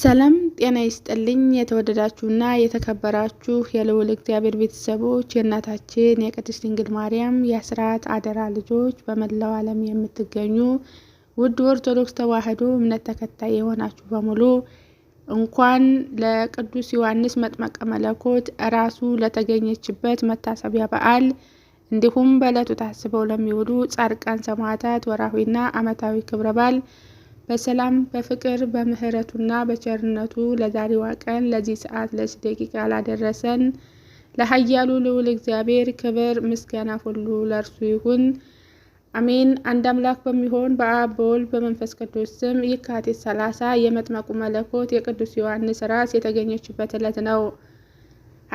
ሰላም ጤና ይስጥልኝ። የተወደዳችሁና የተከበራችሁ የልዑል እግዚአብሔር ቤተሰቦች የእናታችን የቅድስት ድንግል ማርያም የአስራት አደራ ልጆች በመላው ዓለም የምትገኙ ውድ ኦርቶዶክስ ተዋሕዶ እምነት ተከታይ የሆናችሁ በሙሉ እንኳን ለቅዱስ ዮሐንስ መጥመቀ መለኮት ራሱ ለተገኘችበት መታሰቢያ በዓል እንዲሁም በዕለቱ ታስበው ለሚውሉ ጻድቃን ሰማዕታት ወርኃዊና ዓመታዊ ክብረ በዓል በሰላም በፍቅር በምህረቱና በቸርነቱ ለዛሬዋ ቀን ለዚህ ሰዓት ለዚህ ደቂቃ ላደረሰን ለኃያሉ ልዑል እግዚአብሔር ክብር ምስጋና ሁሉ ለእርሱ ይሁን፣ አሜን። አንድ አምላክ በሚሆን በአብ በወልድ በመንፈስ ቅዱስ ስም የካቲት ሰላሳ የመጥመቁ መለኮት የቅዱስ ዮሐንስ ራስ የተገኘችበት ዕለት ነው።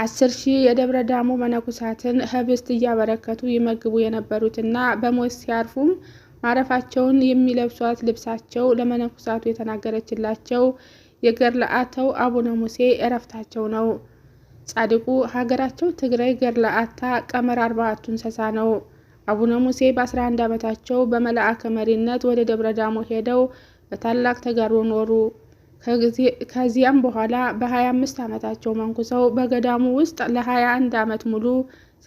አስር ሺህ የደብረ ዳሞ መነኮሳትን ህብስት እያበረከቱ ይመግቡ የነበሩትና በሞት ሲያርፉም ማረፋቸውን የሚለብሷት ልብሳቸው ለመነኩሳቱ የተናገረችላቸው የገርለአተው አቡነ ሙሴ እረፍታቸው ነው። ጻድቁ ሀገራቸው ትግራይ ገርለአታ ቀመር አርባዕቱ እንሰሳ ነው። አቡነ ሙሴ በ11 ዓመታቸው በመልአከ መሪነት ወደ ደብረ ዳሞ ሄደው በታላቅ ተጋድሎ ኖሩ። ከዚያም በኋላ በ25 ዓመታቸው መንኩሰው በገዳሙ ውስጥ ለ21 ዓመት ሙሉ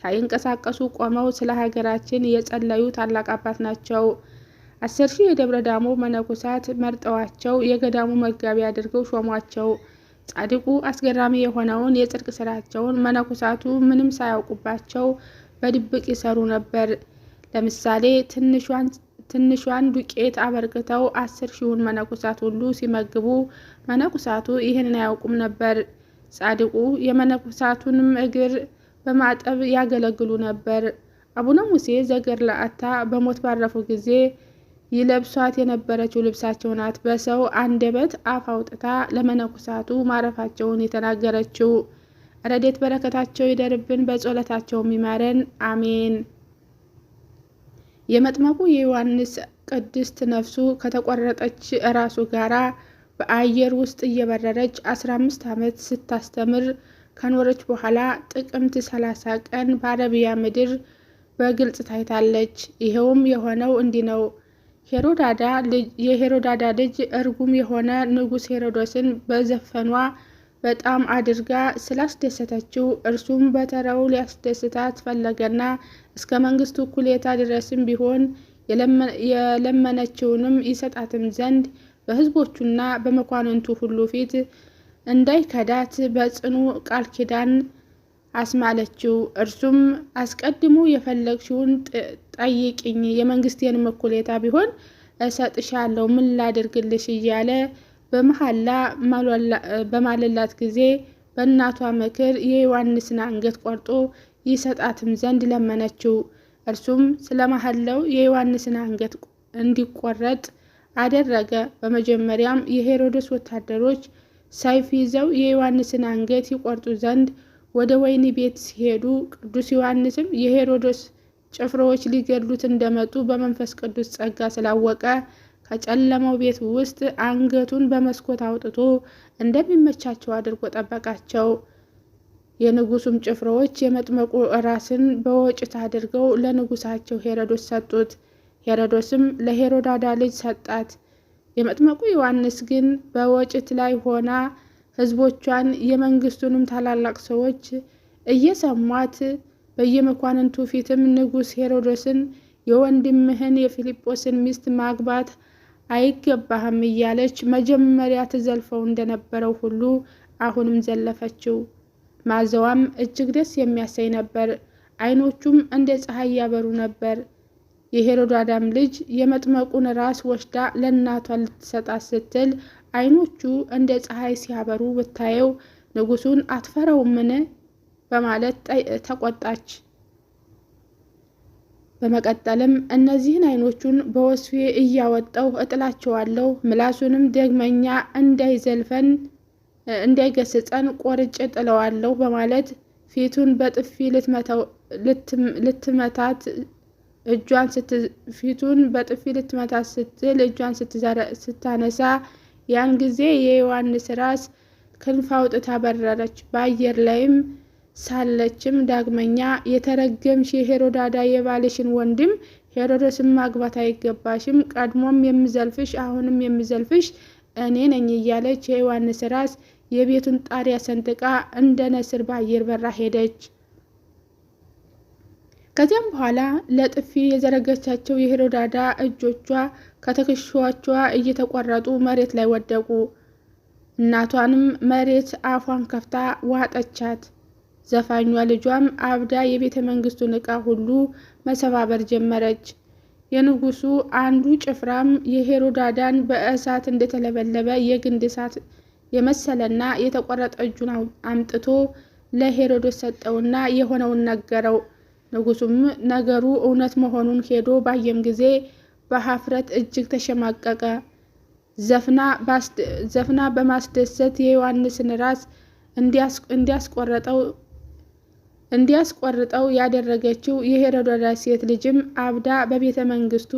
ሳይንቀሳቀሱ ቆመው ስለ ሀገራችን የጸለዩ ታላቅ አባት ናቸው። አስር ሺህ የደብረ ዳሞ መነኮሳት መርጠዋቸው የገዳሙ መጋቢ አድርገው ሾሟቸው። ጻድቁ አስገራሚ የሆነውን የጽድቅ ስራቸውን መነኮሳቱ ምንም ሳያውቁባቸው በድብቅ ይሰሩ ነበር። ለምሳሌ ትንሿን ዱቄት አበርክተው አስር ሺውን መነኮሳት ሁሉ ሲመግቡ መነኮሳቱ ይህንን አያውቁም ነበር። ጻድቁ የመነኮሳቱንም እግር በማጠብ ያገለግሉ ነበር። አቡነ ሙሴ ዘገር ለአታ በሞት ባረፉ ጊዜ ይለብሷት የነበረችው ልብሳቸው ናት። በሰው አንደበት አፍ አውጥታ ለመነኮሳቱ ማረፋቸውን የተናገረችው ረዴት በረከታቸው ይደርብን፣ በጸሎታቸው ይማረን፣ አሜን። የመጥመቁ የዮሐንስ ቅድስት ነፍሱ ከተቆረጠች ራሱ ጋራ በአየር ውስጥ እየበረረች 15 ዓመት ስታስተምር ከኖረች በኋላ ጥቅምት 30 ቀን በአረቢያ ምድር በግልጽ ታይታለች። ይኸውም የሆነው እንዲህ ነው። የሄሮዳዳ ልጅ እርጉም የሆነ ንጉሥ ሄሮዶስን በዘፈኗ በጣም አድርጋ ስላስደሰተችው እርሱም በተራው ሊያስደስታት ፈለገና እስከ መንግስቱ እኩሌታ ድረስም ቢሆን የለመነችውንም ይሰጣትም ዘንድ በሕዝቦቹና በመኳንንቱ ሁሉ ፊት እንዳይከዳት በጽኑ ቃል ኪዳን አስማለችው። እርሱም አስቀድሞ የፈለግሽውን ጠይቅኝ፣ የመንግስቴንም እኩሌታ ቢሆን እሰጥሻለሁ፣ ምን ላድርግልሽ እያለ በመሐላ በማለላት ጊዜ በእናቷ ምክር የዮሐንስን አንገት ቆርጦ ይሰጣትም ዘንድ ለመነችው። እርሱም ስለ መሐላው የዮሐንስን አንገት እንዲቆረጥ አደረገ። በመጀመሪያም የሄሮድስ ወታደሮች ሰይፍ ይዘው የዮሐንስን አንገት ይቆርጡ ዘንድ ወደ ወይኒ ቤት ሲሄዱ ቅዱስ ዮሐንስም የሄሮድስ ጭፍሮዎች ሊገድሉት እንደመጡ በመንፈስ ቅዱስ ጸጋ ስላወቀ ከጨለመው ቤት ውስጥ አንገቱን በመስኮት አውጥቶ እንደሚመቻቸው አድርጎ ጠበቃቸው። የንጉሱም ጭፍሮዎች የመጥመቁ ራስን በወጭት አድርገው ለንጉሳቸው ሄሮዶስ ሰጡት። ሄሮዶስም ለሄሮዳዳ ልጅ ሰጣት። የመጥመቁ ዮሐንስ ግን በወጭት ላይ ሆና ህዝቦቿን የመንግስቱንም ታላላቅ ሰዎች እየሰሟት በየመኳንንቱ ፊትም ንጉሥ ሄሮድስን የወንድምህን የፊልጶስን ሚስት ማግባት አይገባህም እያለች መጀመሪያ ትዘልፈው እንደነበረው ሁሉ አሁንም ዘለፈችው። ማዘዋም እጅግ ደስ የሚያሰኝ ነበር። አይኖቹም እንደ ፀሐይ ያበሩ ነበር። የሄሮዳዳም ልጅ የመጥመቁን ራስ ወስዳ ለእናቷ ልትሰጣት ስትል አይኖቹ እንደ ፀሐይ ሲያበሩ ብታየው ንጉሱን ምን በማለት ተቆጣች። በመቀጠልም እነዚህን አይኖቹን በወስፌ እያወጣው እጥላቸዋለሁ፣ ምላሱንም ደግመኛ እንዳይዘልፈን እንዳይገስጸን ቆርጭ ጥለዋለሁ በማለት ፊቱን በጥፊ ልትመታት እጇን ፊቱን በጥፊ ልትመታት ስትል እጇን ስታነሳ ያን ጊዜ የዮሐንስ ራስ ክንፍ አውጥታ በረረች። በአየር ላይም ሳለችም ዳግመኛ የተረገምሽ የሄሮዳዳ የባልሽን ወንድም ሄሮድስን ማግባት አይገባሽም፣ ቀድሞም የምዘልፍሽ አሁንም የምዘልፍሽ እኔ ነኝ እያለች የዮሐንስ ራስ የቤቱን ጣሪያ ሰንጥቃ እንደ ነስር በአየር በራ ሄደች። ከዚያም በኋላ ለጥፊ የዘረገቻቸው የሄሮዳዳ እጆቿ ከትከሻዎቿ እየተቆረጡ መሬት ላይ ወደቁ። እናቷንም መሬት አፏን ከፍታ ዋጠቻት። ዘፋኟ ልጇም አብዳ የቤተ መንግስቱን ዕቃ ሁሉ መሰባበር ጀመረች። የንጉሱ አንዱ ጭፍራም የሄሮዳዳን በእሳት እንደተለበለበ የግንድ እሳት የመሰለና የተቆረጠ እጁን አምጥቶ ለሄሮዶስ ሰጠውና የሆነውን ነገረው። ንጉሱም ነገሩ እውነት መሆኑን ሄዶ ባየም ጊዜ በሀፍረት እጅግ ተሸማቀቀ። ዘፍና በማስደሰት የዮሐንስን ራስ እንዲያስቆርጠው ያደረገችው የሄሮዶዳ ሴት ልጅም አብዳ በቤተ መንግስቱ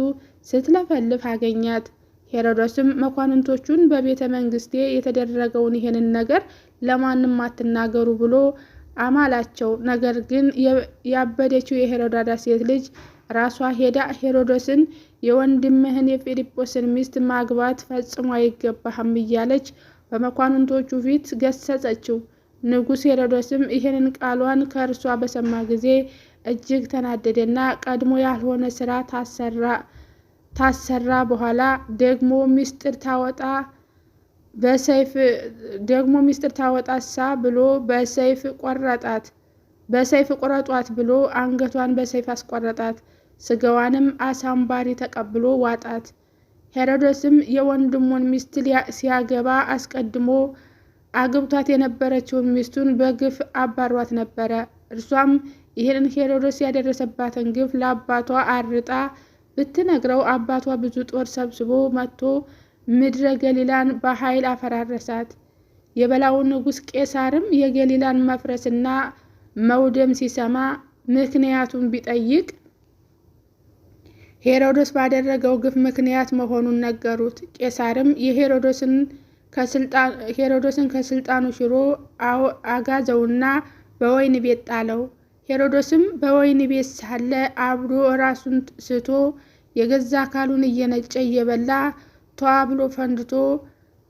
ስትለፈልፍ አገኛት። ሄሮዶስም መኳንንቶቹን በቤተ መንግስቴ የተደረገውን ይህንን ነገር ለማንም አትናገሩ ብሎ አማላቸው። ነገር ግን ያበደችው የሄሮዳዳ ሴት ልጅ ራሷ ሄዳ ሄሮዶስን የወንድምህን የፊልጶስን ሚስት ማግባት ፈጽሞ አይገባህም እያለች በመኳንንቶቹ ፊት ገሰጸችው። ንጉሥ ሄሮዶስም ይህንን ቃሏን ከእርሷ በሰማ ጊዜ እጅግ ተናደደና ቀድሞ ያልሆነ ስራ ታሰራ በኋላ ደግሞ ምስጢር ታወጣ በሰይፍ ደግሞ ሚስጥር ታወጣሳ ብሎ በሰይፍ ቆረጣት። በሰይፍ ቁረጧት ብሎ አንገቷን በሰይፍ አስቆረጣት። ስጋዋንም አሳምባሪ ተቀብሎ ዋጣት። ሄሮድስም የወንድሙን ሚስት ሲያገባ አስቀድሞ አግብቷት የነበረችውን ሚስቱን በግፍ አባሯት ነበረ። እርሷም ይህንን ሄሮድስ ያደረሰባትን ግፍ ለአባቷ አርጣ ብትነግረው አባቷ ብዙ ጦር ሰብስቦ መጥቶ ምድረ ገሊላን በኃይል አፈራረሳት። የበላው ንጉሥ ቄሳርም የገሊላን መፍረስና መውደም ሲሰማ ምክንያቱን ቢጠይቅ ሄሮዶስ ባደረገው ግፍ ምክንያት መሆኑን ነገሩት። ቄሳርም የሄሮዶስን ከስልጣኑ ሽሮ አጋዘውና በወይን ቤት ጣለው። ሄሮዶስም በወይን ቤት ሳለ አብዶ ራሱን ስቶ የገዛ አካሉን እየነጨ እየበላ ቷ ብሎ ፈንድቶ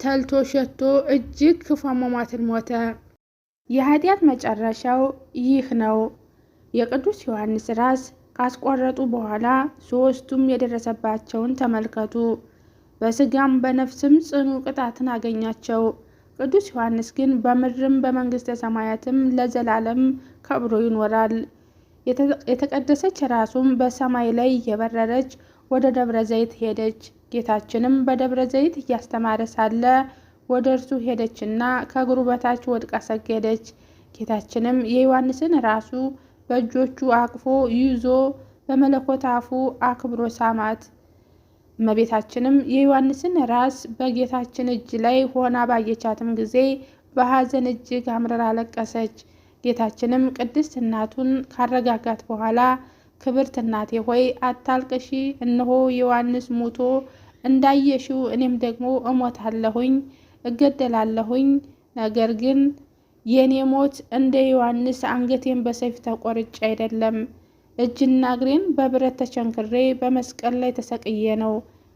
ተልቶ ሸቶ እጅግ ክፉ አሟሟትን ሞተ። የኃጢአት መጨረሻው ይህ ነው። የቅዱስ ዮሐንስ ራስ ካስቆረጡ በኋላ ሶስቱም የደረሰባቸውን ተመልከቱ። በስጋም በነፍስም ጽኑ ቅጣትን አገኛቸው። ቅዱስ ዮሐንስ ግን በምድርም በመንግሥተ ሰማያትም ለዘላለም ከብሮ ይኖራል። የተቀደሰች ራሱም በሰማይ ላይ እየበረረች ወደ ደብረ ዘይት ሄደች። ጌታችንም በደብረ ዘይት እያስተማረ ሳለ ወደ እርሱ ሄደችና ከእግሩ በታች ወድቃ ሰገደች። ጌታችንም የዮሐንስን ራሱ በእጆቹ አቅፎ ይዞ በመለኮት አፉ አክብሮ ሳማት። እመቤታችንም የዮሐንስን ራስ በጌታችን እጅ ላይ ሆና ባየቻትም ጊዜ በሐዘን እጅግ አምርራ አለቀሰች። ጌታችንም ቅድስት እናቱን ካረጋጋት በኋላ ክብርት እናቴ ሆይ አታልቅሺ፣ እነሆ ዮሐንስ ሙቶ እንዳየሽው እኔም ደግሞ እሞታለሁኝ እገደላለሁኝ። ነገር ግን የእኔ ሞት እንደ ዮሐንስ አንገቴን በሰይፍ ተቆርጬ አይደለም፣ እጅና እግሬን በብረት ተቸንክሬ በመስቀል ላይ ተሰቅዬ ነው።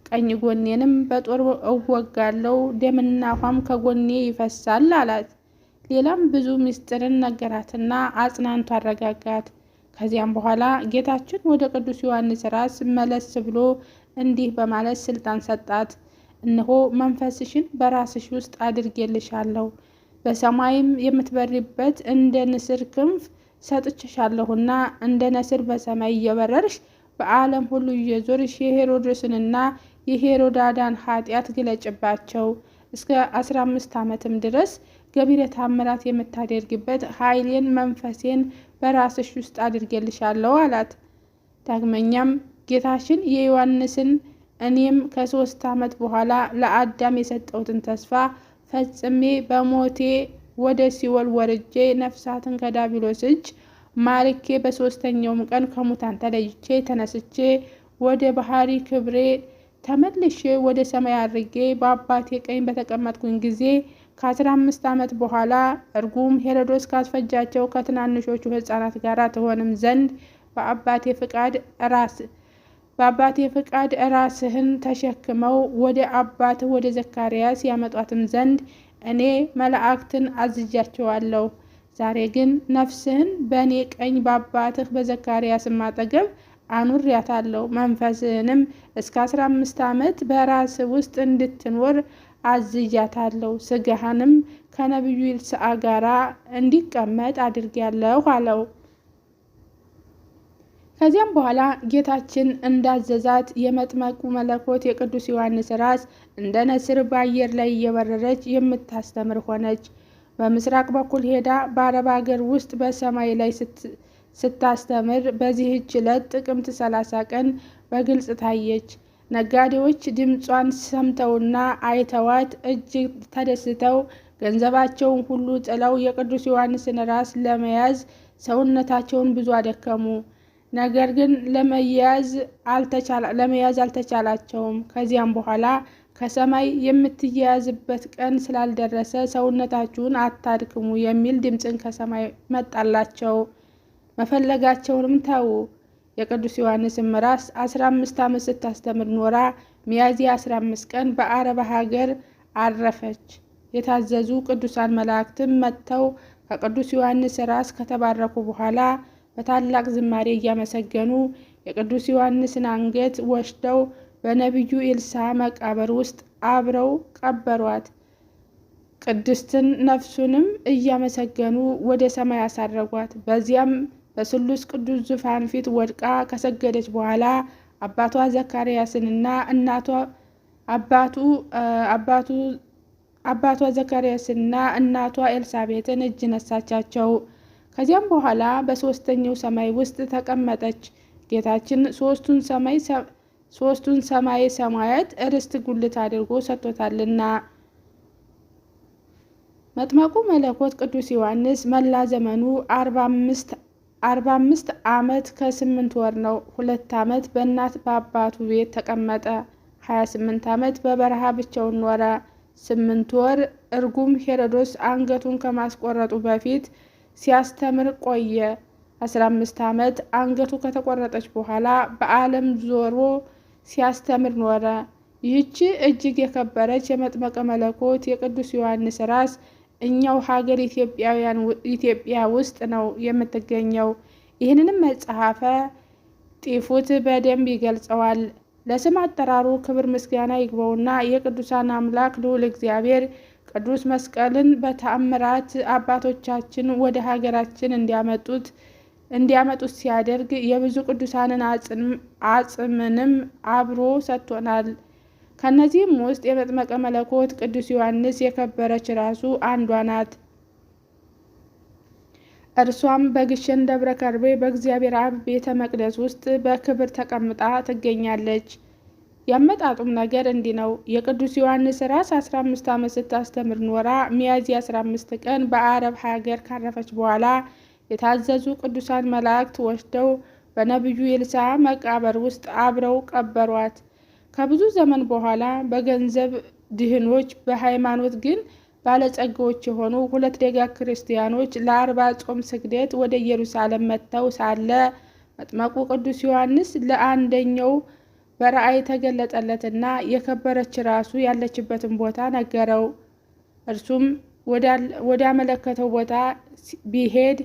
ቀኝ ጎኔንም በጦር እወጋለው፣ ደምና ውሃም ከጎኔ ይፈሳል አላት። ሌላም ብዙ ምስጢርን ነገራትና አጽናንቶ አረጋጋት። ከዚያም በኋላ ጌታችን ወደ ቅዱስ ዮሐንስ ራስ መለስ ብሎ እንዲህ በማለት ስልጣን ሰጣት። እነሆ መንፈስሽን በራስሽ ውስጥ አድርጌልሻለሁ፣ በሰማይም የምትበሪበት እንደ ንስር ክንፍ ሰጥችሻለሁና እንደ ነስር በሰማይ እየበረርሽ በዓለም ሁሉ እየዞርሽ የሄሮድስንና የሄሮዳዳን ኃጢአት ግለጭባቸው እስከ አስራ አምስት ዓመትም ድረስ ገቢረ ታምራት የምታደርግበት ኃይሌን መንፈሴን በራስሽ ውስጥ አድርጌልሻለሁ አላት። ዳግመኛም ጌታችን የዮሐንስን እኔም ከሶስት ዓመት በኋላ ለአዳም የሰጠሁትን ተስፋ ፈጽሜ በሞቴ ወደ ሲወል ወርጄ ነፍሳትን ከዳቢሎስ እጅ ማርኬ በሶስተኛውም ቀን ከሙታን ተለይቼ ተነስቼ ወደ ባህሪ ክብሬ ተመልሼ ወደ ሰማይ አድርጌ በአባቴ ቀኝ በተቀመጥኩኝ ጊዜ ከአስራ አምስት ዓመት በኋላ እርጉም ሄሮዶስ ካስፈጃቸው ከትናንሾቹ ሕፃናት ጋር ትሆንም ዘንድ በአባቴ ፍቃድ ራስ በአባቴ ፍቃድ ራስህን ተሸክመው ወደ አባትህ ወደ ዘካርያስ ያመጧትም ዘንድ እኔ መላእክትን አዝጃቸዋለሁ። ዛሬ ግን ነፍስህን በእኔ ቀኝ በአባትህ በዘካርያስም አጠገብ አኑሬያታለሁ። መንፈስህንም እስከ አስራ አምስት ዓመት በራስ ውስጥ እንድትኖር አዝጃታለሁ። ስጋህንም ከነቢዩ ይልስአ ጋራ እንዲቀመጥ አድርጌያለሁ አለው። ከዚያም በኋላ ጌታችን እንዳዘዛት የመጥመቁ መለኮት የቅዱስ ዮሐንስ ራስ እንደ ነስር በአየር ላይ እየበረረች የምታስተምር ሆነች። በምስራቅ በኩል ሄዳ በአረብ አገር ውስጥ በሰማይ ላይ ስታስተምር በዚህች ዕለት ጥቅምት 30 ቀን በግልጽ ታየች። ነጋዴዎች ድምጿን ሰምተውና አይተዋት እጅግ ተደስተው ገንዘባቸውን ሁሉ ጥለው የቅዱስ ዮሐንስን ራስ ለመያዝ ሰውነታቸውን ብዙ አደከሙ። ነገር ግን ለመያዝ አልተቻላቸውም። ከዚያም በኋላ ከሰማይ የምትያያዝበት ቀን ስላልደረሰ ሰውነታችሁን አታድክሙ የሚል ድምፅን ከሰማይ መጣላቸው። መፈለጋቸውንም ተዉ። የቅዱስ ዮሐንስም ራስ 15 ዓመት ስታስተምር ኖራ ሚያዝያ 15 ቀን በአረብ ሀገር አረፈች። የታዘዙ ቅዱሳን መላእክትም መጥተው ከቅዱስ ዮሐንስ ራስ ከተባረኩ በኋላ በታላቅ ዝማሬ እያመሰገኑ የቅዱስ ዮሐንስን አንገት ወስደው በነቢዩ ኤልሳ መቃብር ውስጥ አብረው ቀበሯት። ቅድስትን ነፍሱንም እያመሰገኑ ወደ ሰማይ አሳረጓት። በዚያም በስሉስ ቅዱስ ዙፋን ፊት ወድቃ ከሰገደች በኋላ አባቷ ዘካርያስንና እናቷ አባቱ አባቱ አባቷ ዘካርያስንና እናቷ ኤልሳቤጥን እጅ ነሳቻቸው። ከዚያም በኋላ በሶስተኛው ሰማይ ውስጥ ተቀመጠች። ጌታችን ሶስቱን ሰማይ ሶስቱን ሰማይ ሰማያት ርስት ጉልት አድርጎ ሰጥቶታልና። መጥመቁ መለኮት ቅዱስ ዮሐንስ መላ ዘመኑ አርባ አምስት ዓመት ከስምንት ወር ነው። ሁለት ዓመት በእናት በአባቱ ቤት ተቀመጠ። ሀያ ስምንት ዓመት በበረሃ ብቻውን ኖረ። ስምንት ወር እርጉም ሄሮዶስ አንገቱን ከማስቆረጡ በፊት ሲያስተምር ቆየ። 15 ዓመት አንገቱ ከተቆረጠች በኋላ በዓለም ዞሮ ሲያስተምር ኖረ። ይህች እጅግ የከበረች የመጥመቀ መለኮት የቅዱስ ዮሐንስ ራስ እኛው ሀገር ኢትዮጵያ ውስጥ ነው የምትገኘው። ይህንንም መጽሐፈ ጢፉት በደንብ ይገልጸዋል። ለስም አጠራሩ ክብር ምስጋና ይግባውና የቅዱሳን አምላክ ልዑል እግዚአብሔር ቅዱስ መስቀልን በተአምራት አባቶቻችን ወደ ሀገራችን እንዲያመጡት እንዲያመጡት ሲያደርግ የብዙ ቅዱሳንን አጽምንም አብሮ ሰጥቶናል። ከእነዚህም ውስጥ የመጥመቀ መለኮት ቅዱስ ዮሐንስ የከበረች ራሱ አንዷ ናት። እርሷም በግሸን ደብረ ከርቤ በእግዚአብሔር አብ ቤተ መቅደስ ውስጥ በክብር ተቀምጣ ትገኛለች። ያመጣጡም ነገር እንዲህ ነው። የቅዱስ ዮሐንስ ራስ 15 ዓመት ስታስተምር ኖራ ሚያዝያ 15 ቀን በአረብ ሀገር ካረፈች በኋላ የታዘዙ ቅዱሳን መላእክት ወስደው በነቢዩ ኤልሳ መቃብር ውስጥ አብረው ቀበሯት። ከብዙ ዘመን በኋላ በገንዘብ ድህኖች በሃይማኖት ግን ባለጸጋዎች የሆኑ ሁለት ደጋ ክርስቲያኖች ለአርባ ጾም ስግደት ወደ ኢየሩሳሌም መጥተው ሳለ መጥመቁ ቅዱስ ዮሐንስ ለአንደኛው በራእይ ተገለጠለትና የከበረች ራሱ ያለችበትን ቦታ ነገረው። እርሱም ወዳመለከተው ቦታ ቢሄድ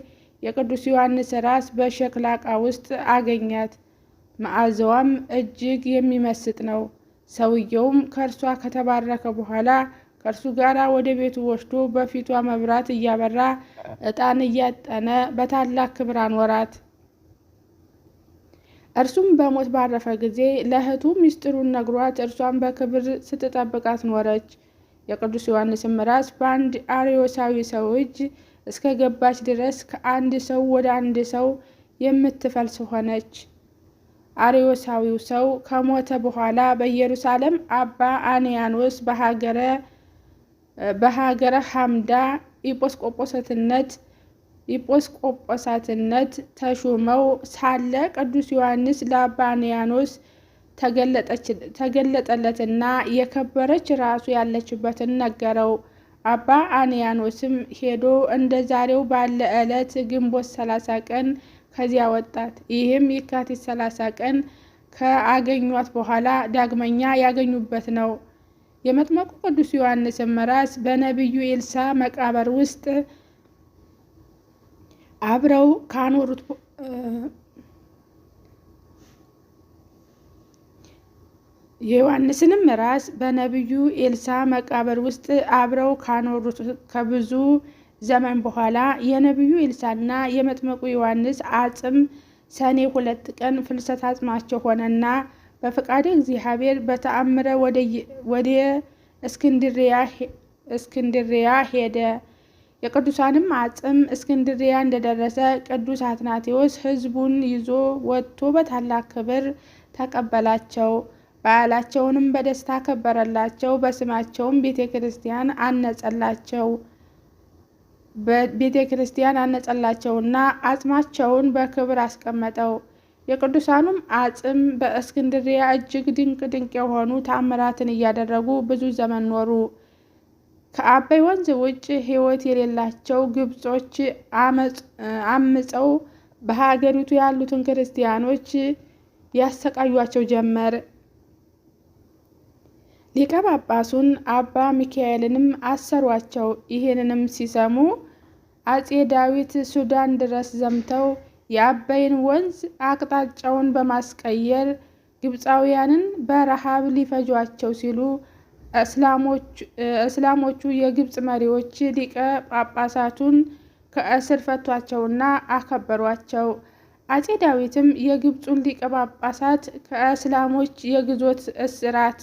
የቅዱስ ዮሐንስ ራስ በሸክላ ዕቃ ውስጥ አገኛት። መዓዛዋም እጅግ የሚመስጥ ነው። ሰውየውም ከእርሷ ከተባረከ በኋላ ከእርሱ ጋር ወደ ቤቱ ወስዶ በፊቷ መብራት እያበራ ዕጣን እያጠነ በታላቅ ክብር አኖራት። እርሱም በሞት ባረፈ ጊዜ ለእህቱ ሚስጢሩን ነግሯት እርሷን በክብር ስትጠብቃት ኖረች። የቅዱስ ዮሐንስም ምራስ በአንድ አርዮሳዊ ሰው እጅ እስከ ገባች ድረስ ከአንድ ሰው ወደ አንድ ሰው የምትፈልስ ሆነች። አርዮሳዊው ሰው ከሞተ በኋላ በኢየሩሳሌም አባ አንያኖስ በሀገረ ሐምዳ ኢጶስቆጶሰትነት ኤጲስቆጶስነት ተሹመው ሳለ ቅዱስ ዮሐንስ ለአባንያኖስ ተገለጠለትና የከበረች ራሱ ያለችበትን ነገረው። አባ አንያኖስም ሄዶ እንደ ዛሬው ባለ ዕለት ግንቦት 30 ቀን ከዚያ ወጣት። ይህም የካቲት 30 ቀን ከአገኟት በኋላ ዳግመኛ ያገኙበት ነው። የመጥመቁ ቅዱስ ዮሐንስም ራስ በነቢዩ ኤልሳ መቃብር ውስጥ አብረው ካኖሩት የዮሐንስንም ራስ በነቢዩ ኤልሳ መቃብር ውስጥ አብረው ካኖሩት ከብዙ ዘመን በኋላ የነቢዩ ኤልሳና የመጥመቁ ዮሐንስ አጽም ሰኔ ሁለት ቀን ፍልሰት አጽማቸው ሆነና በፈቃደ እግዚአብሔር በተአምረ ወደ እስክንድሪያ ሄደ። የቅዱሳንም አጽም እስክንድሪያ እንደደረሰ ቅዱስ አትናቴዎስ ሕዝቡን ይዞ ወጥቶ በታላቅ ክብር ተቀበላቸው። በዓላቸውንም በደስታ ከበረላቸው። በስማቸውም ቤተ ክርስቲያን አነጸላቸው ቤተ ክርስቲያን አነጸላቸውና አጽማቸውን በክብር አስቀመጠው። የቅዱሳኑም አጽም በእስክንድሪያ እጅግ ድንቅ ድንቅ የሆኑ ታምራትን እያደረጉ ብዙ ዘመን ኖሩ። ከአባይ ወንዝ ውጭ ህይወት የሌላቸው ግብጾች አምፀው በሀገሪቱ ያሉትን ክርስቲያኖች ያሰቃዩቸው ጀመር። ሊቀ ጳጳሱን አባ ሚካኤልንም አሰሯቸው። ይህንንም ሲሰሙ አጼ ዳዊት ሱዳን ድረስ ዘምተው የአባይን ወንዝ አቅጣጫውን በማስቀየር ግብፃውያንን በረሃብ ሊፈጇቸው ሲሉ እስላሞቹ የግብፅ መሪዎች ሊቀ ጳጳሳቱን ከእስር ፈቷቸውና አከበሯቸው። አጼ ዳዊትም የግብፁን ሊቀ ጳጳሳት ከእስላሞች የግዞት እስራት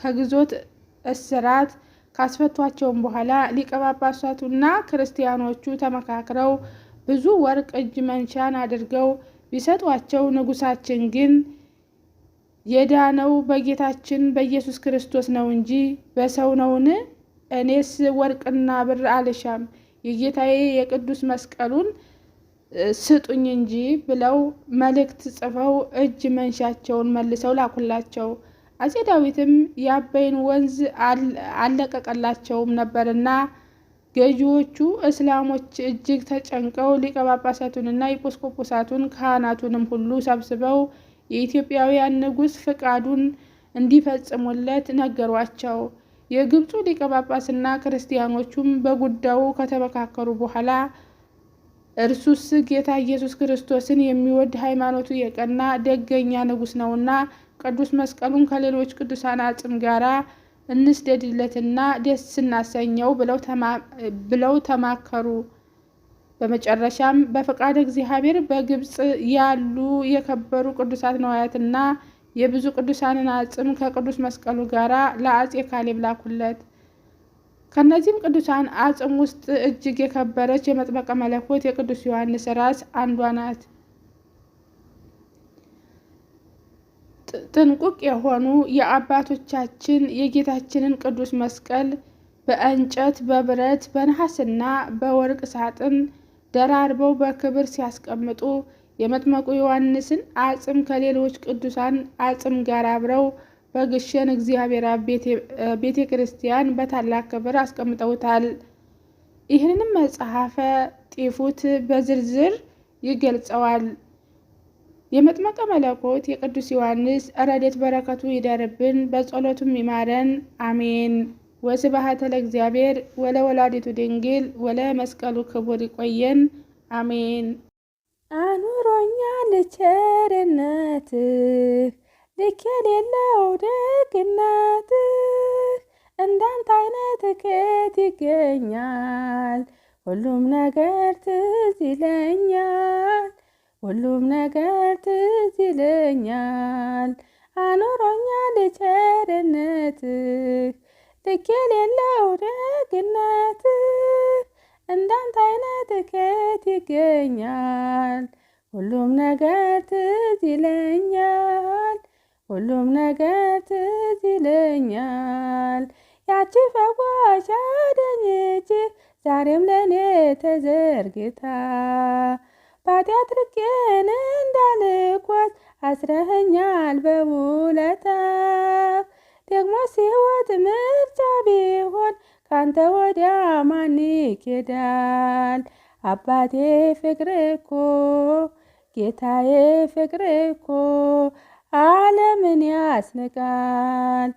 ከግዞት እስራት ካስፈቷቸውም በኋላ ሊቀ ጳጳሳቱና ክርስቲያኖቹ ተመካክረው ብዙ ወርቅ እጅ መንሻን አድርገው ቢሰጧቸው ንጉሳችን ግን የዳነው በጌታችን በኢየሱስ ክርስቶስ ነው እንጂ በሰው ነውን? እኔስ ወርቅና ብር አልሻም የጌታዬ የቅዱስ መስቀሉን ስጡኝ እንጂ ብለው መልእክት ጽፈው እጅ መንሻቸውን መልሰው ላኩላቸው። አጼ ዳዊትም የአባይን ወንዝ አለቀቀላቸውም ነበርና ገዢዎቹ እስላሞች እጅግ ተጨንቀው ሊቀ ጳጳሳቱንና ካህናቱንም ሁሉ ሰብስበው የኢትዮጵያውያን ንጉሥ ፍቃዱን እንዲፈጽሙለት ነገሯቸው። የግብፁ ሊቀ ጳጳስና ክርስቲያኖቹም በጉዳዩ ከተመካከሩ በኋላ እርሱስ ጌታ ኢየሱስ ክርስቶስን የሚወድ ሃይማኖቱ የቀና ደገኛ ንጉሥ ነውና ቅዱስ መስቀሉን ከሌሎች ቅዱሳን አጽም ጋር እንስደድለትና ደስ እናሰኘው ብለው ተማከሩ። በመጨረሻም በፈቃድ እግዚአብሔር በግብፅ ያሉ የከበሩ ቅዱሳት ነዋያትና የብዙ ቅዱሳንን አጽም ከቅዱስ መስቀሉ ጋር ለአፄ ካሌብ ላኩለት። ከእነዚህም ቅዱሳን አጽም ውስጥ እጅግ የከበረች የመጥመቀ መለኮት የቅዱስ ዮሐንስ ራስ አንዷ ናት። ጥንቁቅ የሆኑ የአባቶቻችን የጌታችንን ቅዱስ መስቀል በእንጨት፣ በብረት፣ በነሐስና በወርቅ ሳጥን ደራርበው በክብር ሲያስቀምጡ የመጥመቁ ዮሐንስን አጽም ከሌሎች ቅዱሳን አጽም ጋር አብረው በግሸን እግዚአብሔር ቤተ ክርስቲያን በታላቅ ክብር አስቀምጠውታል። ይህንንም መጽሐፈ ጢፉት በዝርዝር ይገልጸዋል። የመጥመቀ መለኮት የቅዱስ ዮሐንስ ረድኤት በረከቱ ይደርብን፣ በጸሎቱም ይማረን፣ አሜን። ወስብሐት ለእግዚአብሔር ወለ ወላዲቱ ድንግል ወለ መስቀሉ ክቡር። ይቆየን። አሜን። አኑሮኛ ቸርነትህ ልክ የሌለው ደግነትህ፣ እንዳንተ አይነት ከየት ይገኛል? ሁሉም ነገር ትዝ ይለኛል፣ ሁሉም ነገር ትዝ ይለኛል። አኖሮኛ ቸርነትህ ልክ የሌለው ደግነት እንዳንተ አይነት ከየት ይገኛል? ሁሉም ነገር ትዝ ይለኛል፣ ሁሉም ነገር ትዝ ይለኛል። ያቺ ፈዋሽ አዳኝ ዛሬም ለእኔ ተዘርግታ ባጢአት ርቄን እንዳልጓዝ አስረኸኛል በውለታ ደግሞ ሲወት ምርጫ ቢሆን ካንተ ወዲያ ማን ይኬዳል? አባቴ ፍቅር እኮ ጌታዬ ፍቅር እኮ ዓለምን ያስንቃል።